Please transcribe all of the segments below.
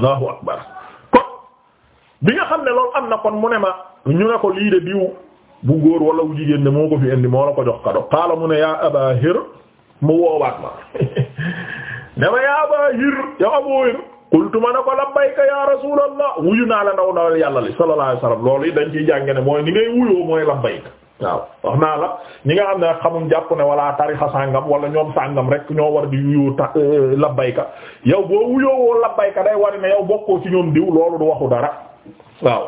allahu akbar kon bi nga xam ne loolu am na kon mu ne ma ñu ne ko lii de diw bu góor wala bu jigéen ne moo ko fi indi moo la ko jox kado xaala mu ne yaa aba hir mu woowaat ma ne ma yaa aba hir yow aboo hir qultu ma ko labbayka ya rasulallah wuyu naa la ndaw ndawal yàlla li sallallahu alayhi wasallam loolu yi dañ ciy jànge ne mooy ni ngay wuyoo mooy labbayka waaw wax naa la ñi nga xam ne xamuñ jàpp ne wala a sàngam wala ñoom sàngam rek ñoo war di wuyoo ta euh, labbayka yow boo wuyoowoo labbayka day war ne bokkoo ci ñoom diw loolu du waxu dara waaw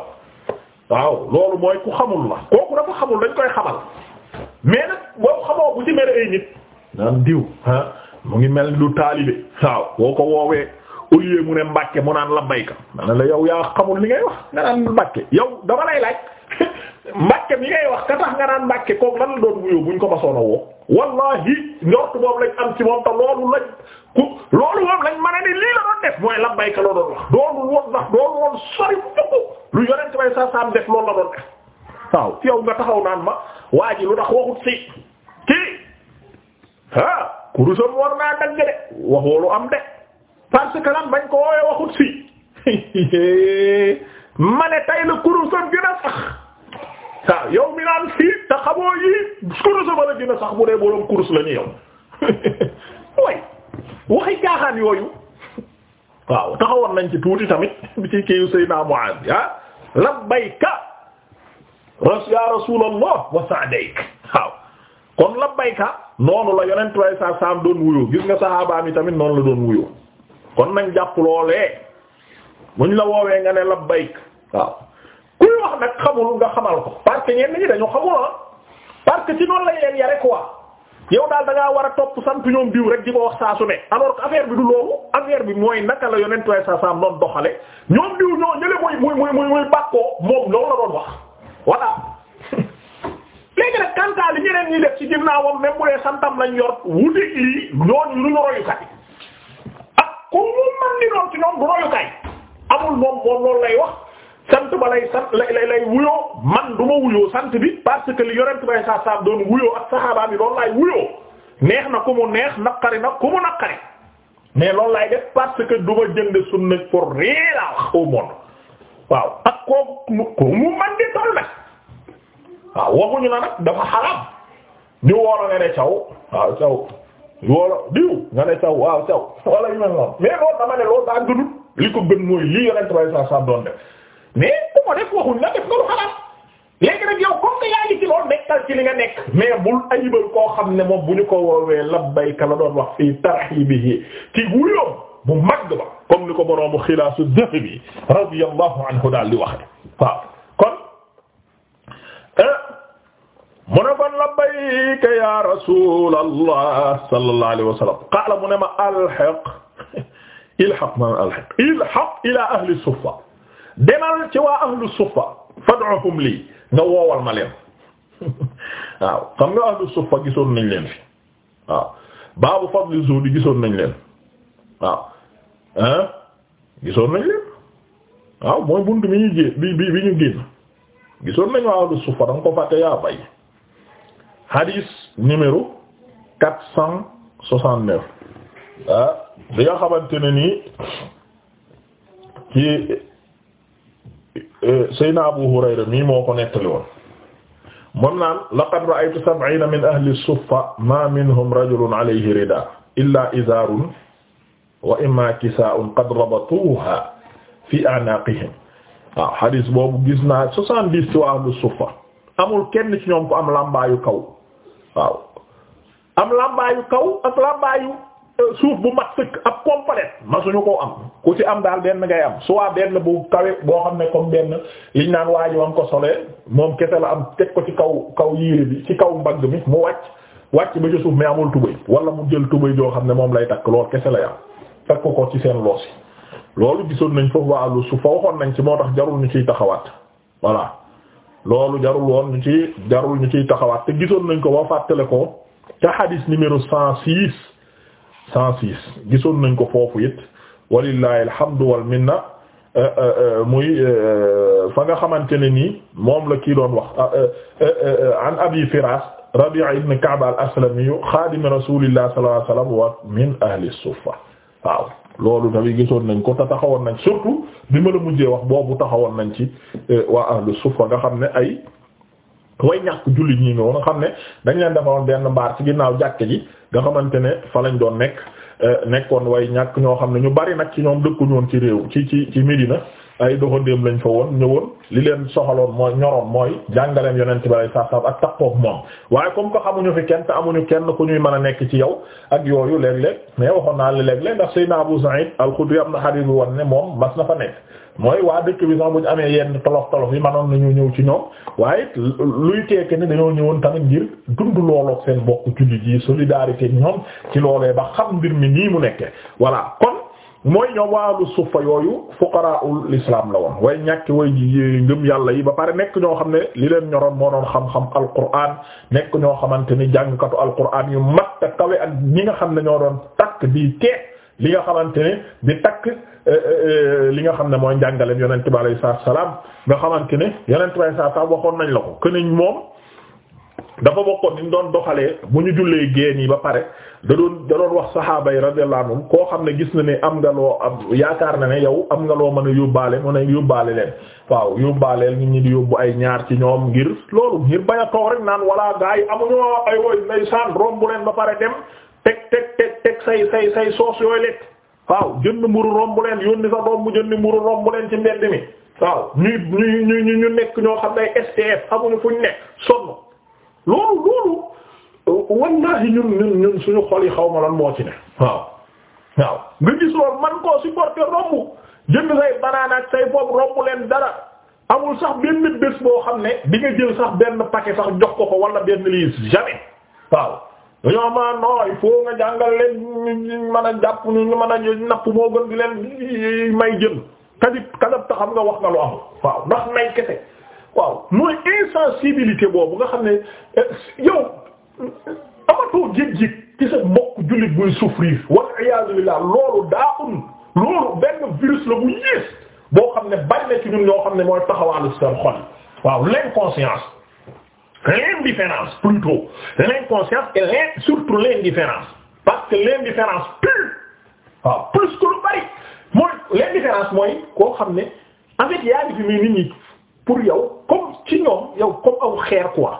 waaw loolu mooy ku xamul la kooku dafa xamul dañ koy xamal mais nag boo xamoo bu ci mere ay nit naan diw ah mu ngi mel du taalibe waaw boo ko woowee au mu ne mbàkke mu naan labbayka na la yow yaa xamul li ngay wax nga naan mbàkke yow dama mbàkke mi ngay wax ka tax nga naan mbàkke kooku lan la doon wuyoo buñ ko masoon a woo wallahi njort boobu lañ am ci moom te loolu lañ ku loolu lañ mën a ni lii la doon def mooy labbayka la doon woon ndax doonul woon lu yonent bay sa sam def loolu la doon def waaw yow nga taxaw naan ma waa ji lu tax waxut si kii ah kurusam war naa dagg de waxoo lu am de parce que lan bañ ko waxut si ma ne tay la kurusam gën a sax waaw yow mi naan fii te xamoo yii kurus ba la gën sax bu dee borom kurus la ñu yow way waxi caaxaan yooyu waaw taxawoon nañ ci tuuti tamit bi ci kiiw Seydina Muaaz ah labbayka ya rasuulallah wa sa'dayk waaw kon labbayka noonu la yonent way sa saam doon wuyoo gis nga saxaabaam yi tamit noonu la doon wuyoo kon nañ jàpp loolee muñ la woowee nga ne labbayk waaw wax nag xamul nga xamal ko parce que ñenn ñi dañu xamul ah parce que ci noonu lañ leen yare quoi yow daal da war a topp sant ñoom diw rek di ko wax saa su ne alors que affaire bi du loolu affaire bi mooy naka la yonent waaye saa saa doon doxale ñoom diw ñoo ñële moom loolu la doon wax voilà. léegi nag kantaal li ñeneen ñi def santam lañ yor wuteeg lii lu ñu royukaay ak ku mu mën di doon ci ñoom du royukaay amul moom moom loolu lay wax. sant ba lay sant lay lay lay wuyoo man du ma wuyoo sant bi parce que li yorent bay sa saab doon wuyoo ak saxaabaam yi loolu laay wuyoo neex na ku mu neex naqari na ku mu naqari mais loolu la wax au monde waaw ak kooku ku mu man di toll nag waaw waxuñu na nag gënut li ko gën mooy lii yorent bay sa saab doon def mais ku ko def waxuñ la def nga lu xalaat léegi nag yow comme que yaa ngi ci loolu nekkal ci li nga nekk mais bul ayibal koo xam ne moom bu ñu ko woowee labbayka la doon wax fii tarhibihi ci wuyoom bu mag ba comme ni ko boroomu xilaasu dahabi radiyallahu anhu daal di waxe waaw kon eh, mu ne kon labbayka ya rasulallah sallallahu alayhi wa sallam qaala mu ne ma alhiq ilhaq ma alhiq ilhaq ila ahli suffa demal ci waa ahlu suffa fad'uhum lii nga woowal ma leen waaw xam nga ahlu suffa gisoon nañ leen fi waaw baabu fadli zuhdi gisoon nañ leen waaw hein gisoon nañ leen waaw mooy buntu bi ñu gé- bi bi ñu génn gisoon nañ waa ahlu suffa danga ko fàtte yaa bay hadis numéro quatre cent soixante neuf ah, bi nga xamante ne nii ci Euh, Seydina Abu Hurayra mii moo ko nettali woon moom naan laqad ra'aytu sab'iina min ahli suffa ma minhum rajulun alayhi ridaa illaa izaarun wa immaa kisaa'un qad rabatuuha fi a'naaqihim waaw xadiis boobu gis naa soixante-dix ci waa ahli suffa amul kenn ci ñoom ko am làmbaayu kaw waaw am làmbaayu kaw ak làmbaayu suuf bu mat sëkk ab complète ma suñu koo am ku ci am daal benn ngay am soit benn bu kawe boo xam ne comme benn liñ naan waaji wam ko solee moom kese la am teg ko ci kaw kaw yére bi ci kaw mbagg mi mu wàcc wàcc ba ci suuf mais amul tubay wala mu jël tubay joo xam ne moom lay takk lool kese lay yam takk ko ci seen loos yi loolu gisoon nañ foofu waa su fa waxoon nañ ci moo tax jarul ñu ciy taxawaat voilà loolu jarul woon ñu ci jarul ñu ciy taxawaat te gisoon nañ ko boo fàttale ko ca hadis numéro cent six cent six gisoon nañ ko foofu it walillahi alhamdu wal minna euh, euh, euh, muy fa nga xamante ne nii moom la kii doon wax ah, an abi firas rabi'a ibn ka'b al aslami xaadimi rasulillah sallallahu alayhi wasallam wa min ahli suffa waaw loolu tamit gisoon nañ ko te taxawoon nañ surtout bi ma la mujjee wax boobu taxawoon nañ ci waa ahli suffa nga xam ne ay way ñàkk jullit ñi ñoo nga xam ne dañ leen defaroon benn mbaar ci ginnaaw jàkke ji nga xamante ne fa lañ doon nekk eh, nekkoon way ñàkk ñoo xam ne ñu bari nag ci ñoom dëkkuñu woon ci réew ci ci ci Médina ay doxandéem lañ fa woon ñëwoon li leen soxaloon mooy ñoroon mooy jàngaleem yonent bi saa saaf ak takkoog moom waaye comme que xamuñu fi kenn te amuñu kenn ku ñuy mën a nekk ci yow ak yooyu léeg-léeg mais waxoon naa la léeg-léeg ndax Seydina Abu Sa'id al am na xarit bu woon ne moom mas na fa nekk. mooy waa dëkk bi sax bu amee yenn tolof tolof yi manoon nañu ñëw ci ñoom waaye luy teeke ni dañoo ñëwoon tamit ngir dund loolook seen bokk jullit yi solidarité ñoom ci loolee ba xam mbir mi mooy ñoom waalu sufa yooyu fuqaraul islam la woon way ñàkk way ngëm yàlla yi ba pare nekk ñoo xam ne li leen ñoroon moo doon xam-xam alquran nekk ñoo xamante ni jàngkatu alquran yu matta kawe ak ñi nga xam ne ñoo doon takk bii teeg li nga xamante ne di takk eh, eh, eh, li nga xam ne mooy njàngaleem yonent bi alayhi salaam nga xamante ne yonent bi alayhi salaam waxoon nañ la ko këniñ moom dafa bokkoon ni mu doon doxalee bu ñu jullee géen yi ba pare da doon da doon wax saxaaba yi radiyallahu anhum koo xam ne gis na ni am nga loo am yaakaar na ne yow am nga loo mën a yóbbaale mu ne yóbbaale leen waaw yóbbaaleel nit ñi di yóbbu ay ñaar ci ñoom ngir loolu ngir bañ a toog rek naan walla gaa yi amuñu ay woy ndeysaan rombu leen ba pare dem teg teg teg teg say say say soos yooyu lekk waaw jënd mburu rombu leen yónni sa doom bu jënd mburu rombu leen ci mbedd mi waaw ñuy ñu ñu ñu nekk ñoo xam ne STF amuñu fuñ loolu loolu wallahi ñun ñun ñun suñu xol yi xaw ma lan moo ci ne waaw waaw nga gis man koo supporter romb jënd say banaana ak say bopp romb leen dara amul sax benn bés boo xam ne di nga jël sax benn paquet sax jox ko ko wala benn liis jamais waaw dañoo ma ah, non il faut nga jàngal leen ñu mën a jàpp ñu mën a napp moo gën di leen may jën kadib xam nga wax nga lu amul waaw ndax nay kese waaw mooy insensibilité boobu nga xam ne eh, yow amatoo jég-jég ci sa mbokk jullit buy souffrir wal iyaazu billaah loolu daa loolu benn virus la bu yées boo xam ne bari na ci ñun ñoo xam ne mooy taxawaalu seen xol waaw l'inconscience l'indifférence plutôt l'inconscience et l'indifférence parce que l'indifférence pure waaw plus que lu bari mooy l'indifférence mooy koo xam ne en fait fi muy nit pour yow comme ci ñoom yow comme aw xeer quoi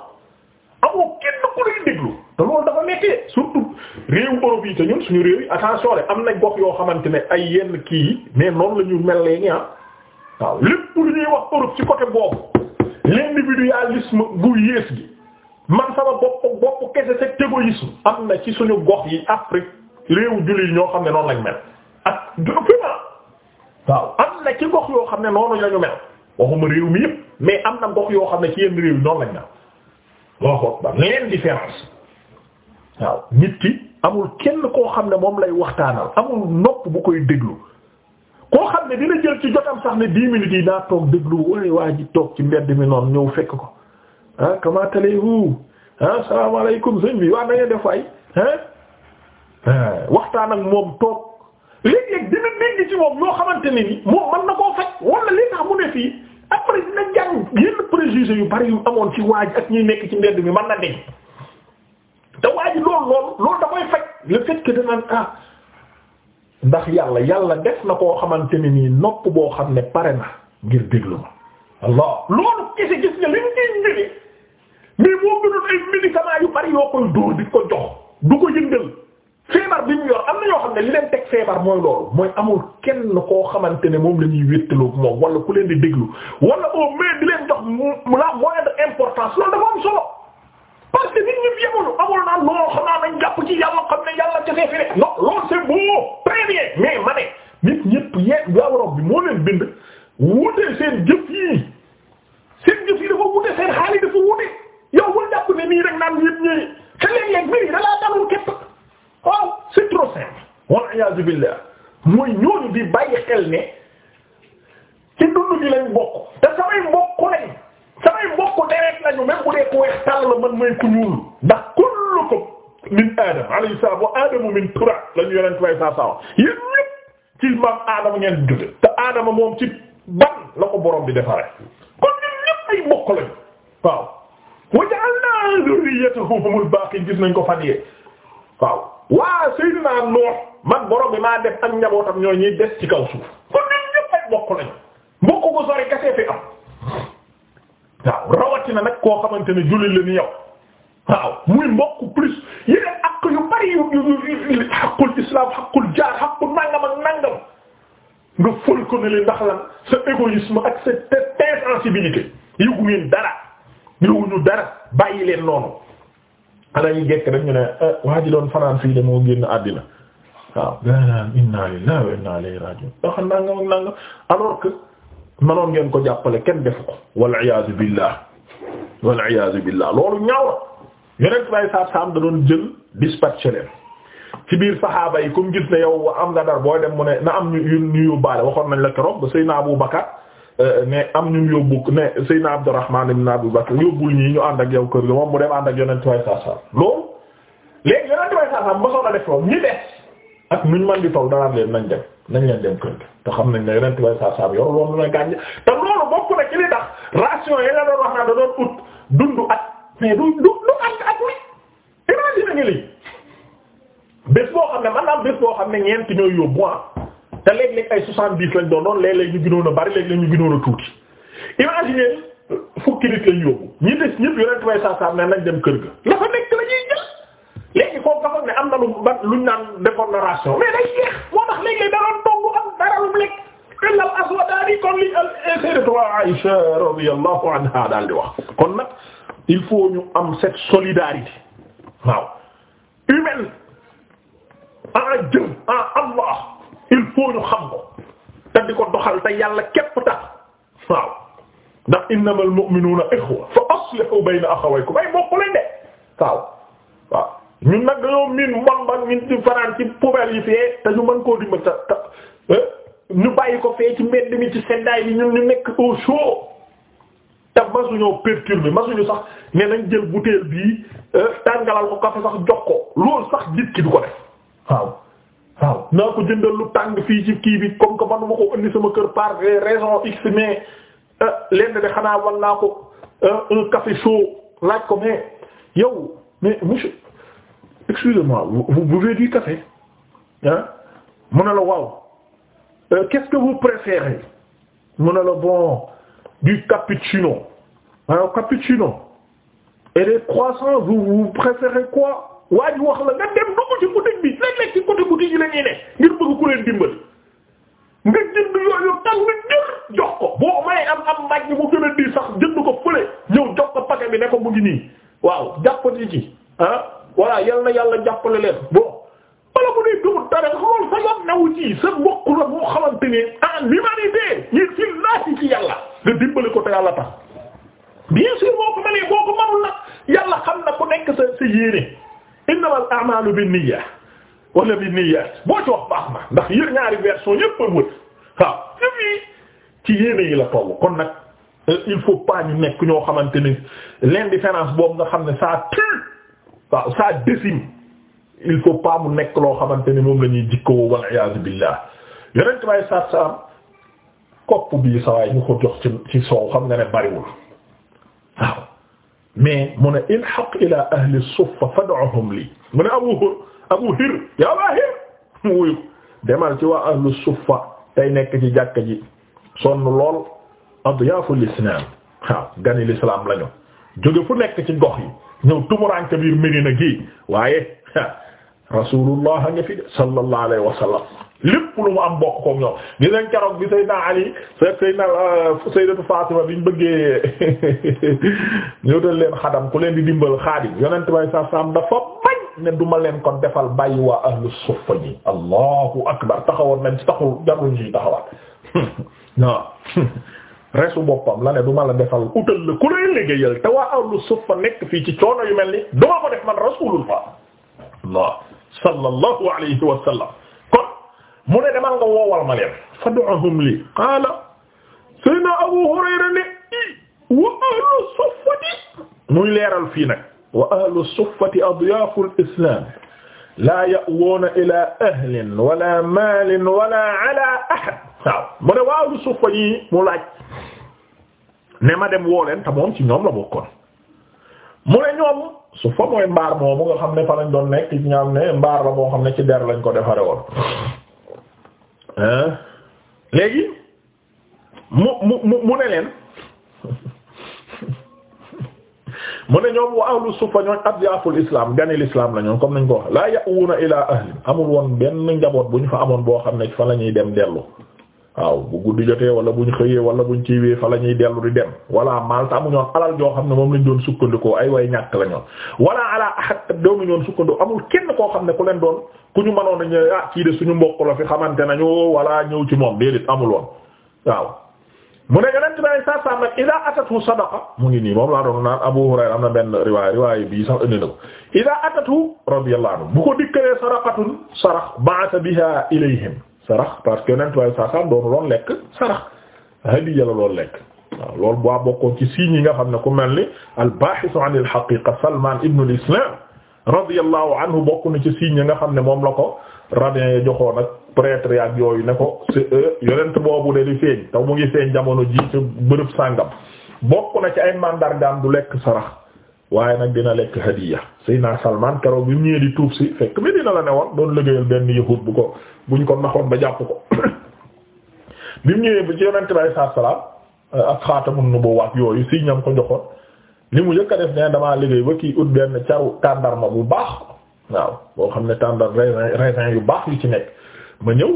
amoo kenn ku lay déglu te loolu dafa méttee surtout réewu Europe yi te ñun suñu réew yi attention rek am na gox yoo xamante ne ay yenn kii yi mais noonu la ñu mel léegi ah waaw lépp lu ñuy wax Europe ci côté boobu l'individualisme gu yées gi man sama bopp bopp kese cet égoïsme am na ci suñu gox yi Afrique réewu jullit ñoo xam ne noonu lañ mel ak vraiment ah. waaw am na ci gox yoo xam ne noonu lañu mel. waxuma réew mi yëpp mais am na gox yoo xam ne ci yenn réew yi noonu lañ na loo xoot ba leen différence waaw nit ki amul kenn koo xam ne moom lay waxtaanal amul nopp bu koy déglu koo xam ne dina jël ci jotam sax ne dix minutes yi daa toog déglu waaye waa ji toog ci mbedd mi noonu ñëw fekk ko ah comment allez-vous ah salaamaaleykum bi waa na def waay ah, ah waxtaan ak moom toog léeg-léeg dina dégg ci moom yoo xamante ni moom mën na koo faj wala li tax mu ne fii après dina jàng yenn préjugés yu bari yu amoon ci waaj ak ñuy nekk ci mbedd mi mën na deñ te waaj loolu loolu da koy faj le fait que danaan ah ndax yàlla yàlla def na koo xamante ni nii nopp boo xam ne pare na ngir déglu ma Allah loolu gisi gis nga li ñu ciy njëriñ moo gënoon ay médicaments yu bari yoo koy dóor di ko jox du ko yëngal feebar bi ñu yor am na ñoo xam ne li leen teg feebar mooy loolu mooy amul kenn koo xamante ne moom la ñuy wéttaloog moom wala ku leen di déglu wala au moins di leen jox la a importance loolu dafa am solo parce que nit ñi yemuñu amul naan loo xam nañ jàpp ci yàlla xam ne yàlla jotee fi de. non loolu c'est bon très bien mais ma ne nit ñëpp yéen bi moo leen bind wutee seen jëf yi seen jëf yi dafa wute seen xaalis waaw ah, c'est trop simple wal iyaazu billah mooy ñooñu di bàyyi xel ne ci dund gi lañ bokk te samay mbokk lañ samay mbokk deret lañu même bu dee la man may ku ñuul ndax kullukum min adam alayhi salaam wa adamu min turab lañu yonent way saa saa yéen ñépp ci maam aadama ngeen jóge te aadama moom ci ban la ko borom bi defaree kon ñun ñépp ay mbokk lañu waaw wa ja'alna dhurriyyatahu humul baaqin gis nañ ko fan waaw waa Seydina Nuux man borom bi maa def ak njabootam ñooy ñuy des ci kaw suuf kon nit ñëpp ay bokk lañ mbokk bu sori kese fi am waaw rawatina nag koo xamante ne jullit la ni yow waaw muy mbokk plus yeneen ak yu bari yu yu xaqul islam xaqul jaar xaqul nangam ak nangam nga ful ko ne ndax lan sa égoïsme dara yëguñu dara bàyyi leen noonu. dañuy jekk rek ñu ne eh, waa ji fanaan fii de moo génn àddina waaw ganaan inna lillahi wa inna ilayhi raji'un daxa nanga mag nanga alors que manoon ngeen ko jàppale kenn defu ko waliyasu billah waliyasu billah loolu ñaaw la yonent bay saat saam da doon jël dispatché leen ci biir saxaaba yi comme yow am nga dar booy dem mu ne na am ñu ñu waxoon nañ la keroog ba Seydina Abu Bakar ne euh, am ñu yóbbu ne Seydina Abdurrahman ibn Abi Bakr yóbbul ñii ñu ànd ak yow kër ga moom mu dem ànd ak yonent way saasam loolu léegi yonent way saasam mosoon a def loolu ñi des ak leen nañ dem nañ leen dem xam nañ ne yonent na gàññ te loolu ration yi la doon wax naa doon ut du du du at at mi imagine nga lii bés boo xam ne man am bés boo xam ne ñeent ñooy yóbbu ah. te léeg-léeg ay soixante-dix lañ doon doon léeg-léeg ñu gënoon bari léeg-léeg ñu tuuti imaginez fukki nit lañ yóbbu ñi des ñëpp yonent way saasaam ne nañ dem kër ga la fa nekk la jël léegi foofu dafa ne am na lu ba luñ naan décoloration mais day jeex moo tax léeg-léeg da am dara lu lekk illal aswadaani kon li al sayyidatu Aïsha radiyallahu anha daal di wax kon nag il ñu am cette solidarité Allah faut ñu xam ko te di ko doxal te yàlla képp tax waaw ndax innamal mu'minuna ikhwa fa aslihu bayna akhawaykum ay mbokk lañ de waaw waaw ñun nag dañoo miin mbon ba ñun ci fanaan ci poubelle yi fee te ñu mën koo dimbali ta ta eh, ñu bàyyi ko fee ci mbedd mi ci seddaay bi ñun ñu nekk au chaud te masuñoo ma masuñu sax ne nañ jël bouteille bii eh, tàngalal ko kafe sax jox ko loolu sax nit ki du ko def waaw. waaw naa ko jëndal lu tàng fii ci kii bi comme que man ma ko indi sama kër par raison x mais euh, lenn de xanaa wan naa ko euh, un café chaud laaj ko mais yow mais monsieur excusez-moi vous buvez café ah mu ne la waaw euh, qu'est-ce que vous préférez mu ne la bon du cappuccino waaw cappuccino et les croissants vous vous préférez quoi waa ji wax la nga dem dugg ci boutique bi léeg-léeg ci côté boutique yi la ñuy ne ngir bëgg ku leen dimbali nga jënd yooyu tax nga jël jox ko boo may am am maj mu gën a di sax jënd ko fële ñëw jox ko paquet bi ne ko mu ngi nii waaw jàppati ci ah voilà yal na yàlla jàppale leen bon wala bu dee dugub dara xool sa yoon nawu ci sa mbokk la moo xamante ni en humanité ñu ci laaj ci yàlla nga dimbali ko te yàlla tax bien sûr boo ko mënee boo ko mënul nag na ku innamal a'malu binniyya wala binniyat boo ci wax baax na ndax yër ñaari version yépp a wër waaw yëpp ci yéene yi la toll kon nag euh, il faut pas ñu nekk ñoo xamante ni l'indifférence boobu nga xam ne ça tue waaw ça décime il faut pas mu nekk loo xamante ni moom la ñuy jikkoo wal iyaazu billah yeneen may saat sa am kopp bii sawaay ñu ko jox ci soow xam nga ne bariwul mais mu ne ilhaq ila ahli suffa fad'uhum lii mu ne abu hur abu hir yaa baa hir mu wuyu demal ci waa ahli suffa tey nekk ci jàkka ji sonn lool adyafu l'islam waaw gani l'islam lañu jóge fu nekk ci gox yi ñëw tumuraanke biir Medina gi waaye rasulullah nga fi de sallallahu alayhi wa sallam lépp lu mu am bokk koog ñoom gis nañ keroog bi Seydina Ali Seydina euh, Sayyidatu Fatima bi ñu bëggee leen xadam ku leen di dimbal xaadim yonent bay sa sam dafa bañ ne duma leen ko defal bàyyi waa ahlu suffa ñi allahu akbar taxawoon nañ ci taxul jarul ñuy taxawaat non resu boppam la ne duma la defal utal la ku lay liggéeyal te waa ahlu suffa nekk fii ci coono yu mel ni duma ko def man rasulullah allah sallallahu alayhi wa mu ne demal nga woowal ma leen fa du'ahum li qaala sayna Abu Hurayra ne wa ahlu suffati muy leeral fii nag wa ahlu suffati adyaaful islam laa ya'woona ila ahlin wala maalin wala ala mu ne wa ahlu suffa yi mu laaj ne ma dem woo leen te ci ñoom la bokkoon mu ne ñoom suffa mooy mbaar moomu nga xam ne fa lañ doon nekk nga xam ne mbaar la moo xam ne ci der lañ ko defare woon léegi mu mu mu mu ne leen mu ne ñoom wa ahlu sufa ñooñ adyaful islam ganil islam la comme nañ ko wax laa ya'uuna ilaa ahli amul woon benn njaboot bu ñu fa amoon boo xam ne fa la ñuy dem dellu waaw bu guddi jotee wala buñ xëyee wala buñ ci wee fa la ñuy dellu di dem wala malta amuñu woon alal joo xam ne moom lañu doon sukkandikoo ay way ñàkk lañoo ñoon wala ala ahad doomu ñoon sukkandoo amul kenn koo xam ne ku leen doon ku ñu mënoon a ah, kii de suñu mbokk la fi xamante nañu wala ñëw ci moom déedéet amul woon waaw mu ne yonent bi alayhi salaam nag idaa atatu sadaqa mu ngi nii moom laa doon Abu Hurayra am na benn riwaay riwaay bii sax indi na ko idaa atatu radiyallahu sarax parce que yonent waaye saa saa doonu loon lekk sarax hadiya la loon lekk waaw loolu boo bokkoon ci signes yi nga xam ne ku mel ni al-baahith an al-haqiqa Salman ibn al-Islam radiyallahu anhu bokk na ci signes yi nga xam ne moom la ko rabbin ya joxoon ak prêtre ak yooyu ne ko yonent boobu de di feeñ te mu ngi feeñ jamono ji ci bërëb sàngam bokk na ci ay mandargaam du lekk sarax waaye nag dina lekk hadiya Seydina Salman keroog bi mu ñëwee di tuub si fekk mi dina la ne woon doon liggéeyal benn yahut bu ko buñ ko naxoon ba jàpp ko bi mu ñëwee bu ci yonent bi alayhi salaam euh, ak xaatamun nubuwwa yooyu si ñam ko li mu njëkk a def ne damaa liggéey ba kii ut benn caru tàndarma bu baax waaw boo xam ne tàndar raisin raisin yu baax yu ci nekk ma ñëw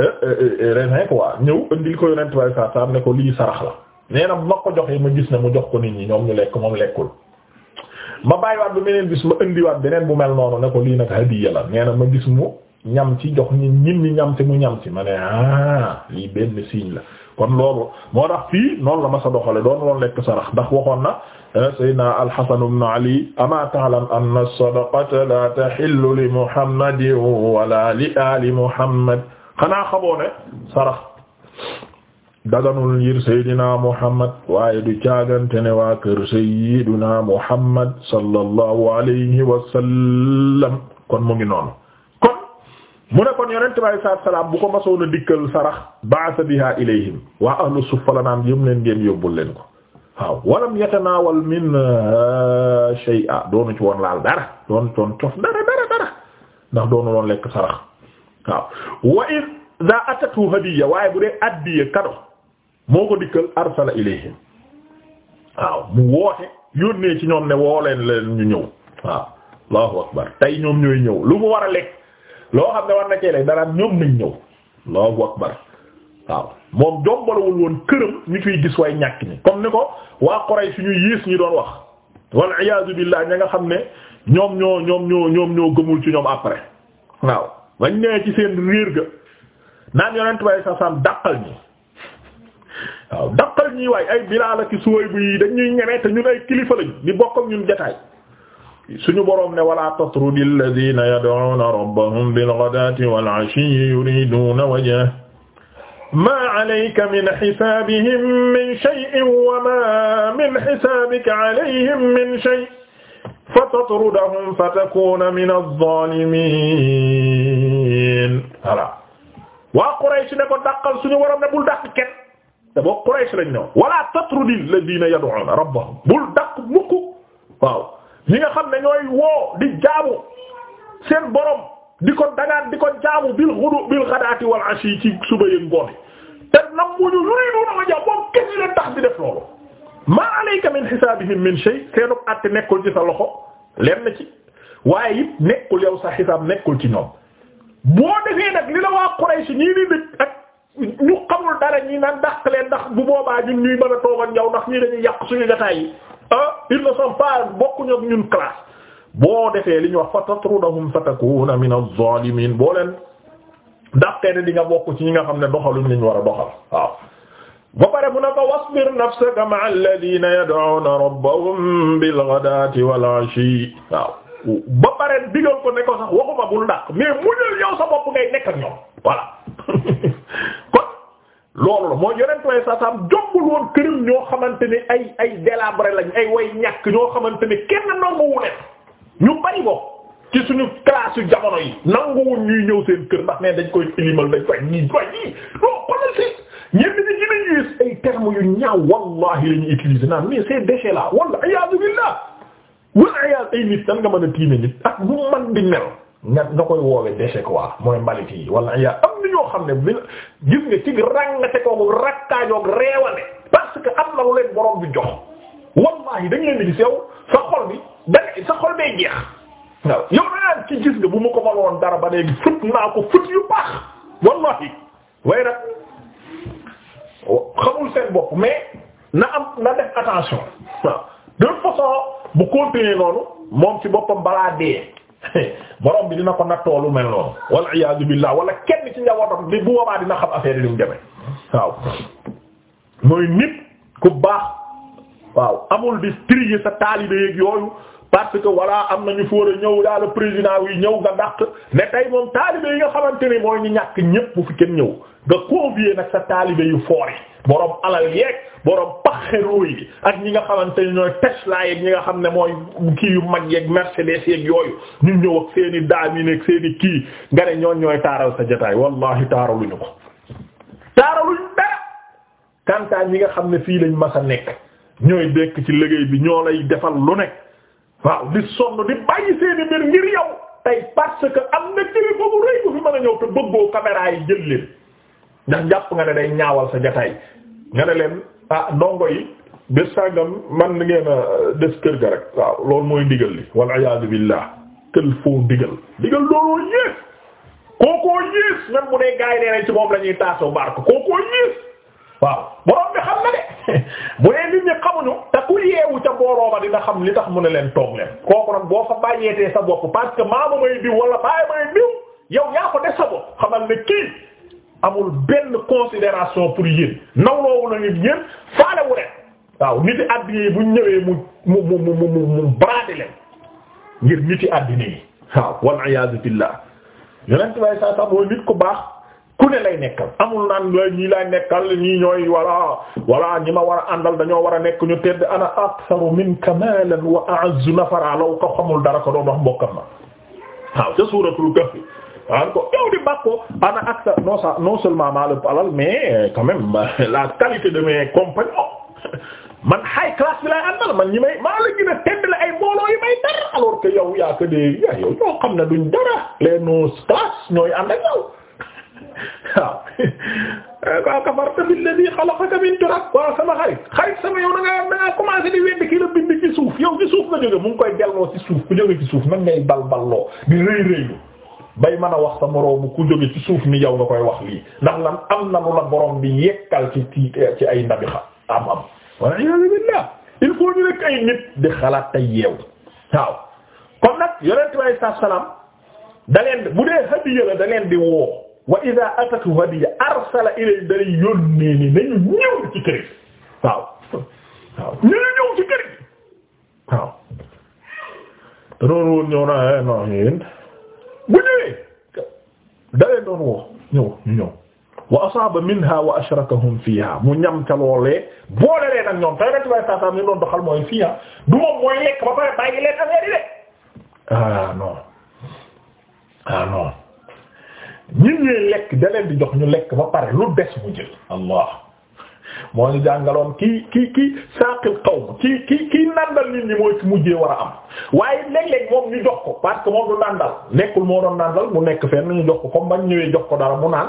euh, euh, raisin quoi ñëw indi ko yonent bi alayhi salaam ne ko lii sarax la nee na ma ko joxee ma gis ne mu jox ko nit ñi ñoom ñu lekk moom lekkul. ma bàyyiwaat ba beneen bis ma indiwaat beneen bu mel noonu ne ko lii nag hadiya la nee ma gis mu ñam ci jox ñi ñin ñi ñam ci mu ñam ci ma ne ah lii la kon loolu moo tax fii noonu la ma sa doxale doon loon lekk sarax ndax waxoon na eh, sayyidina al-Hasan ibn Ali ama ta'lam anna as-sadaqata la tahillu li Muhammadin wala li ali Muhammad xanaa xamoo daganul ngir saydina muhammad waaye du caagante ne waa kër saydina muhammad sallallahu alayhi wa sallam kon mu ngi noonu kon mu ne kon yonent bi alayhi salaatu salaam bu ko masoon a dikkal sarax ba'atha biha ilayhim waa ahlu suffa la naan yëm leen ngeen yóbbul leen ko waaw walam yatanaawal min shay'a doonu ci woon laal dara doonu ci woon cof dara dara dara ndax doonu woon lekk sarax waaw wa idha atatu hadiya waaye bu dee addiya kado moo ko dikkal arsala ilayhim waaw mu woote yónnee ci ñoom ne woo leen leen ñu ñëw waaw allahu akbar tey ñoom ñooy ñëw lu mu war a lekk loo xam ne war na lekk dara ñoom nañ ñëw allahu akbar waaw moom jombalawul woon këram ñu fiy gis way ñàkk ñi comme ni ko waa Quraysh ñuy yiis ñi doon wax wal iyaazu billaah ña nga xam ne ñoom ñoo ñoom ñoo gëmul ci ñoom après waaw bañ nee ci seen réer ga naan yonent bay sa sam dàqal ñi waaw daqal ñi waay ay Bilaal ak Suwayb yi dañuy ñeme te ñun ay kilifa lañ di bokk ak ñun jotaay suñu boroom ne wala tatrudi alladhina yad'una rabbahum bil ghadati wal 'ashiyyi yuriduna wajha ma 'alayka min hisabihim min shay'in wa ma min hisabika 'alayhim min shay' fatatrudahum fatakuna min adh-dhalimin voilà waa Quraysh ne ko daqal suñu boroom ne bul daq kenn te boo Quraysh lañ ne woon wala tatrudil ladina yad'una rabbahum bul dàq mukk waaw nga xam ne ñooy woo di jaamu seen borom di ko dagaan di ko jaamu bil ghudu bil ghadati wal ashi ci suba yëg ngoon te nam muñu yuriduna wajha moom kesi leen tax di def loolu ma alayka min hisabihim min shay seenu àtte nekkul ci sa loxo leen na ci waaye it nekkul yow sa xisaab nekkul ci ñoom boo defee nag li la waa Quraysh ñii ni dëkk ak ñu xamul dara ñi naan dàq leen ndax bu boobaa ñun ñuy mën a toog ak yow ndax ñii dañuy yàq suñu jotaay yi ah ils ne ñun classe boo defee li ñu wax fa tatrudahum fatakuna min az-zalimin boo leen dàqee ne di nga bokk ci ñi nga xam ne doxaluñ li ñu war a doxal waaw. ba pare mu ne ko wasbir nafsaka ma'a alladhina yad'una rabbahum bil ghadati wal ashi waaw. ba pare digal ko ne ko sax waxuma bul dàq mais muñal yow sa bopp ngay nekk ñoom voilà kon loolu la moo yorentuway sa sam jombul woon këram ñoo xamante ne ay ay délabré lañ ay way ñàkk ñoo xamante ne kenn nanguwu leen ñu bari ko ci suñu classe yu jamono yi nanguwul ñuy ñëw seen kër ndax ne dañ koy ilimal dañ koy ñii koy ñii non xolal si ñenn ñi gën a gis ay termes yu ñaaw wallahi la ñuy utiliser naan mais ces déchets là wala a'uuzu billah bu ayaal ay nit tan nga mën a tiime nit ak bu man di mel nga nga koy woowe déchet quoi mooy mbalit yi wala yaa am na ñoo xam ne bi gis nga ci ràngate kooku rakkaajoog reewale parce que am na leen borom bi jox wallahi dañ leen di gis yow sa xol bi danga sa xol bee jeex waaw yow danaan ci gis nga bu ma ko maloon dara ba léegi fut naa ko fut yu baax wallahi way nag xamul seen bopp mais na am na def attention mu façon bu continuer noonu moom si boppam balaa dee borom bi dina ko nattoo lu mel noonu wal iyaadu billaah wala kenn ci njabootam bi bu boobaa dina xam affaire yi mu demee waaw mooy nit ku baax waaw amul di yi sa taalibe yeeg yooyu parce que voilà am nañu foor a ñëw daal président wi ñëw nga dàq mais tey moom taalibe yi nga xamante ne mooy ñu ñàkk ñépp bu fi kenn ñëw nga convier nag sa taalibe yu foor borom alal yeeg borom paxero yi ak ñi nga xamante ne ñooy Tesla yi ñi nga xam ne mooy kii yu mag yeeg Mercedes yeeg yooyu ñu ñëw ak seen i daam yi seen kii nga ne ñooñu ñooy taaral sa jotaay wallahi taaraluñu ko. taaraluñu dara kantaan ñi nga xam ne fii lañ mas a nekk ñooy dekk ci liggéey bi ñoo lay defal lu nekk waaw di sonn di bàyyi seen i mbir ngir yow tey parce que am na kilifa bu rëy bu fi mën a ñëw te bëggoo caméra yi jël leen ndax jàpp nga ne day ñaawal sa jotaay nga ne leen ah dongo yi bés sàngam man ngeen a des kër ga rek waaw loolu mooy ndigal li wal iyaadu billah kël foo ndigal ndigal looloo yées kookoo yées même bu dee gaay nee nañ ci moom la ñuy taasoo barke kookoo yées waaw borom bi xam na de bu dee nit ñi xamuñu te ku yeewu ca booroo dina xam li tax mu ne leen toog leen kooku nag boo fa bàyyeetee sa bopp parce que maama may diw wala baay may diw yow yaa ko des sa bopp xamal ne kii amul benn considération pour yéen nawloowu la nit yéen faalewu leen waaw niti àddina bu ñëwee mu mu mu mu mu mu brader leen ngir niti àddina waaw wal nit ku baax ku ne lay nekkal amul naan la ñii lay nekkal ñii ñooy walla walla ñi ma war a àndal dañoo war a nekk ñu tedd ana aktharu minka maalan wa a'azzu nafara law ko xamul dara ko doon wax mbokkam na waaw ca suuratul kahf an ko yow di bàkkoo ana ak sa non non seulement maa la alal mais euh, quand même la qualité de mes compagnons man high class bi laay àndal man ñi may maa la gën a tedd ay mbooloo may dara alors que yow yaa ko dee yaa yow ñoo xam ne duñ dara les non classe ñooy ànd ak yow waaw waaw eh, kafarta billadi xalaqaka min turab waaw sama xarit xarit sama yow da ngaa da ngaa commencé di wedd kii la bind ci suuf yow ci suuf nga jóge mu ngi koy delloo ci suuf ku jóge ci suuf nan ngay balballoo di rëy rëylu bay mën a wax sa moroomu ku jóge ci suuf ni yow nga koy wax lii ndax lan am na lu la borom bi yekkal ci ay ndabi xa am am walla iyaazu billaah il faut di xalaat tey yeew waaw kon nag yonent bi saa salaam da leen bu la da leen di woo wa idaa atatu hadiya arsala ilay da leen yónnee ni nañu ñëw ci ñu ñëw ci kër waaw te woon ñëw naa ee eh, noonu yéen bu ñëwee da leen doon woo ñëw ñu ñëw wa asaaba minha wa ashrakahum fiha mu ñam ca loolee boole leen ak ñoom tey rek lay saasaam ñu doon doxal mooy fiha du moom mooy lekk ba pare bàyyi leen affaire yi de ah non ah non ñun ñuy lekk da di jox ñu lekk ba pare lu des mu jël allah moo ñu jàngaloon kii kii kii saaqil qawm kii kii kii nandal nit ñi mooy ci mujjee war a am waaye léeg-léeg moom ñu jox ko parce que moom du nandal nekkul moo doon nandal mu nekk fenn ñu jox ko comme bañ ñëwee jox ko dara mu naan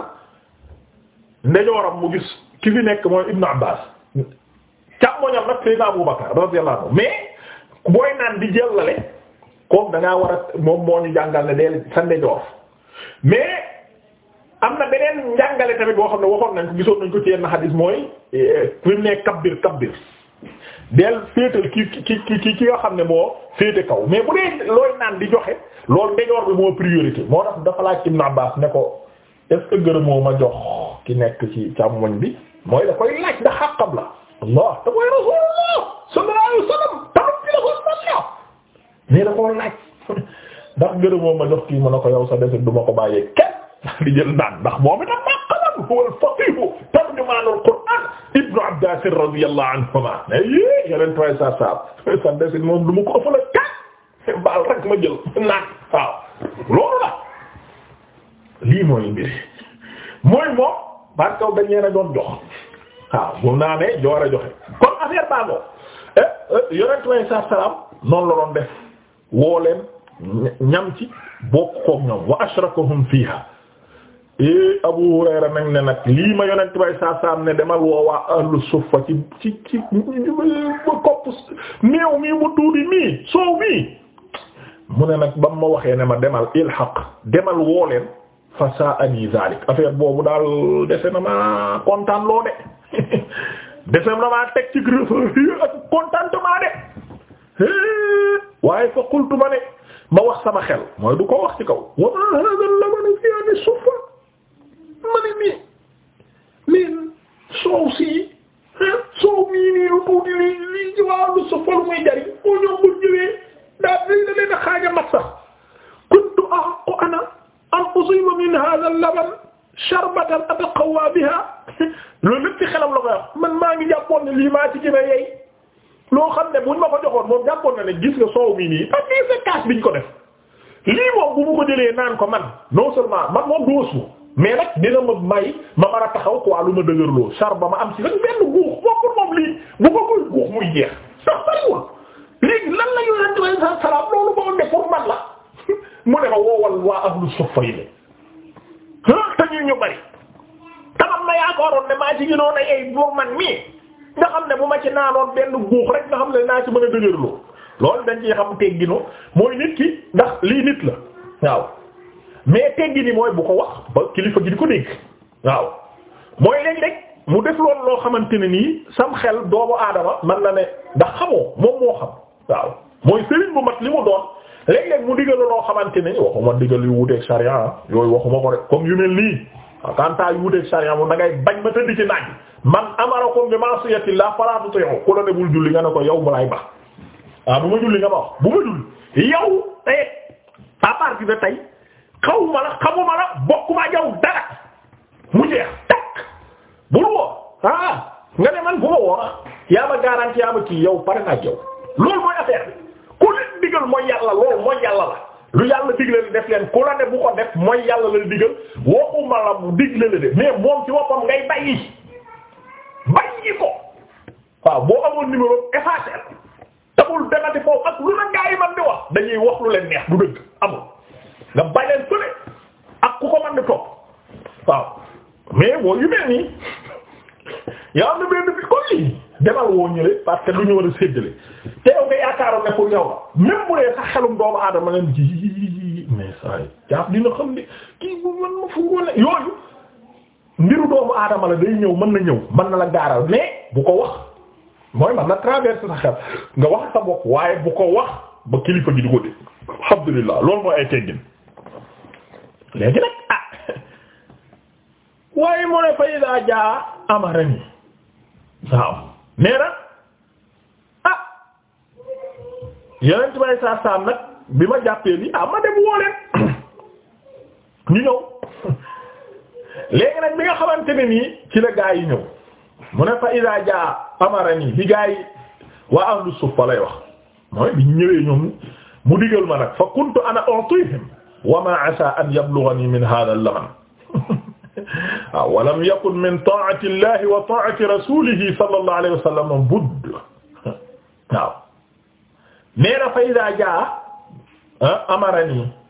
ndejooram mu gis ki fi nekk mooy Ibn Abbas càmmoñam nag Seydina Abu Bakar radiyallahu anhu mais booy naan di jëllale comme dangaa war a moom moo ñu jàngal ne deel sa ndejoor mais am na beneen njàngale tamit boo xam ne waxoon nañ ko gisoon nañ ko ci yenn xadis mooy eh, fi mu ne kabbir kabbir del féetal ki ki ki ki nga xam ne moo féete kaw mais bu dee looy naan di joxe loolu ndejoor bi moo priorité moo tax dafa laaj Ibn Abbas ne ko est ce que gërëm moo ma jox ki nekk ci càmmoñ bi mooy da koy laaj da xàqam la Allah da koy Rasulullah sallallahu alayhi wasallam tamit bi la ko salla ah. mais da koo laaj ndax gërëm moo ma jox kii mën na ko yow sa def duma ko bàyyee kenn daal di jël naan ndax moom itam maqalan huwa al-faqihu tarjumaan al-Qur'an ibnu Abbas radiyallahu anhuma mais eh, yé yeneen tray sa sab sa desin moom lu mu ko ëfala kat baal rek ma jël naan waaw loolu la lii mooy mbir mooy moom bar kaw dañ leen a doon jox waaw moom naa ne joor a joxe kon affaire baangoo eh, eh, yonent way sa salaam noonu la doon def woo leen ñam ci bokk koog ñoom wa ashrakahum fiha eh Abu Hurayra nag ne nag lii ma yonent bay saa saa ne demal woo waa ahlu suffa ci ci ci kopp néew mii mu tuuti mii soow mii mu ne nag ba mu ma waxee ne ma demal ilhaq demal woo leen fa saa ani zalik affaire boobu daal dese na maa kontaan de dese na maa teg ci greffeur ak contentement de waaye fa qultu ma ne ma wax sama xel mooy du ko wax ci kaw. wa ma hadha al-laban fi ani suffa ma ne mais soow sii soow mii nii lu lii lii ci waaw lu sofal muy ñoom bu ñëwee daa lii da leen a xaaja mat sax kuntu ahqqu ana an usiba min hadha al-laban sharbatan ataqawwa biha loolu lépp ci xelam la ko wax man maa ngi jàppoon ne lii maa ci gën yey loo xam ne buñ ma ko joxoon moom jàppoon na ne gis nga soow mii nii parce que sa biñ ko def lii moom bu ko jëlee naan ko man non seulement man moom doosu mais nag dina ma may ma mën a taxaw quoi lu ma dëgërloo char ba ma am ci benn guux bokkul moom lii bu bokkul guux muy jeex ndax bariwul léegi lan la ñu di leen sant salaam loolu moo ne pour man la mu ne ma woowal waa ahlu suffa yi ne ah te ñun ñu bari. tamam na yaakaaroon ne maa ci gënoon ay ay pour man mii nga xam ne bu ma ci naanoon benn guux rek nga xam ne naa ci mën a dëgërloo loolu dañ ciy xam tegginu mooy nit ki ndax lii nit la waaw. mais teggi ni mooy bu ko wax ba kilifa gi di ko dégg waaw mooy léeg-léeg mu def loolu loo xamante ne nii sam xel doomu aadama man na ne ndax xamoo moom moo xam waaw mooy sëriñ bu mat li mu doon léeg-léeg mu digal loo xamante ne waxuma digal yu wuteeg sariya ah yooyu waxuma ko rek comme yu mel nii kantaa yu wuteeg sariya moom da bañ ma tëdd ci naaj man amarakum bi ma'siyatillah fala tuti'u ku la ne bul julli nga ne ko yow mu lay ba ah ma julli nga ma wax yow eh xawma la xamuma la bokkuma ah, nga ne man ma woo yaa ma garanti yaa ma kii yow pare naa yow loolu mooy affaire bi ku leen digal mooy yàlla loolu mooy yàlla la lu yàlla digle la def leen ku la ne bu ko def mooy yàlla la digal waxuma la bu digle la def mais moom ci boppam ngay bàyyi bàyyi ko waaw boo amoon numéro effacé tabul demati foofu ak lu la gaa man di wax dañuy wax lu leen neex du dëgg amul. nga bàyyil fële ak ku ko mën di topp waaw mais boo mel nii yow am na benn bi comme lii demal woo ñële parce que du ñu séddale te yow nga yaakaaroon ne pour la même bu doomu aadama leen ci mais dina xam ne kii bu man ma fu ngoone yooyu mbiru doomu aadama la day ñëw mën na ñëw mën na la gaaral mais bu ko wax mooy man na traverse sa xel nga wax sa bopp waaye bu ko wax ba kilifa gi di ko dégg alhamdulillah loolu mooy ay teggin léegi nag ah waaye mu ne fa idaa jaa waaw nee ah yeneen may saa nag bi ma jàppee bi ah ma dem woo leen ñu ñëw léegi nag bi nga xamante ne nii ci la gaa yi ñëw mu ne fa idaa jaa amarani bi gaa yi waa ahlu suffa lay wax mooy bi ñëwee ñoom mu digal ma nag fa kuntu ana utihim wa ma asa an yablughani min hadha al-laman waaw ah, wa lam yakun min ta'ati llahi wa ta'ati rasulihi sallallahu alayhi wa sallam budd waaw nee na fa iza jaa ah, amarani